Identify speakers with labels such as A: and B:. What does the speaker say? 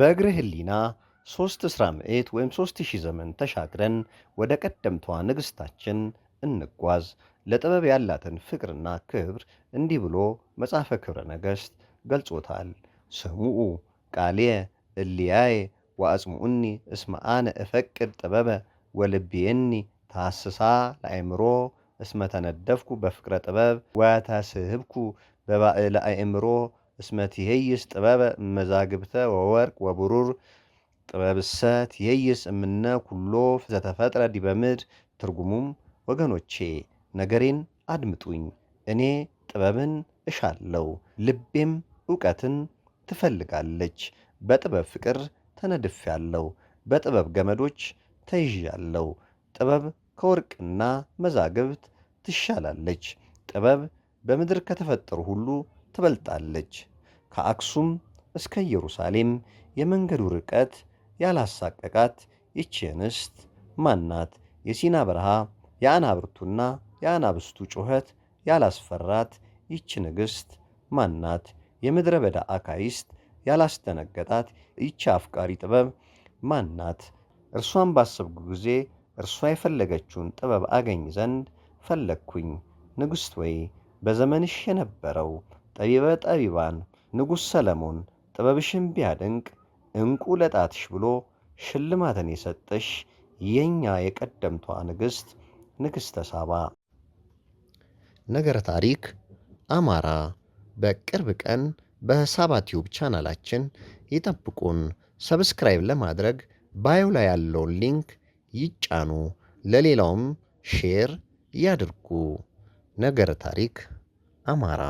A: በእግረ ህሊና ሦስት ሥራ ምዕት ወይም ሦስት ሺህ ዘመን ተሻግረን ወደ ቀደምቷ ንግሥታችን እንጓዝ። ለጥበብ ያላትን ፍቅርና ክብር እንዲህ ብሎ መጽሐፈ ክብረ ነገሥት ገልጾታል። ስሙዑ ቃልየ እልያየ ወአጽሙዑኒ እስመ አነ እፈቅድ ጥበበ ወልቤየኒ ታስሳ ለአእምሮ እስመ ተነደፍኩ በፍቅረ ጥበብ ወተስህብኩ በባዕለ አእምሮ እስመ ትሄይስ ጥበበ መዛግብተ ወወርቅ ወብሩር ጥበብሰ ትሄይስ እምነ ኩሎ ዘተፈጥረ ዲበምድ ትርጉሙም ወገኖቼ ነገሬን አድምጡኝ እኔ ጥበብን እሻለው ልቤም እውቀትን ትፈልጋለች በጥበብ ፍቅር ተነድፌያለሁ በጥበብ ገመዶች ተይዣለሁ ጥበብ ከወርቅና መዛግብት ትሻላለች ጥበብ በምድር ከተፈጠሩ ሁሉ ትበልጣለች። ከአክሱም እስከ ኢየሩሳሌም የመንገዱ ርቀት ያላሳቀቃት ይቺ እንስት ማናት? የሲና በረሃ የአናብርቱና የአናብስቱ ጩኸት ያላስፈራት ይቺ ንግሥት ማናት? የምድረ በዳ አካይስት ያላስደነገጣት ይቺ አፍቃሪ ጥበብ ማናት? እርሷን ባሰብኩ ጊዜ እርሷ የፈለገችውን ጥበብ አገኝ ዘንድ ፈለግኩኝ። ንግሥት ወይ በዘመንሽ የነበረው ጠቢበ ጠቢባን ንጉሥ ሰለሞን ጥበብሽን ቢያደንቅ እንቁ ለጣትሽ ብሎ ሽልማትን የሰጠሽ የእኛ የቀደምቷ ንግሥት ንግሥተ ሳባ።
B: ነገረ ታሪክ አማራ በቅርብ ቀን በሳባ ቲዩብ ቻናላችን ይጠብቁን። ሰብስክራይብ ለማድረግ ባዮ ላይ ያለውን ሊንክ ይጫኑ፣ ለሌላውም ሼር ያድርጉ። ነገረ ታሪክ አማራ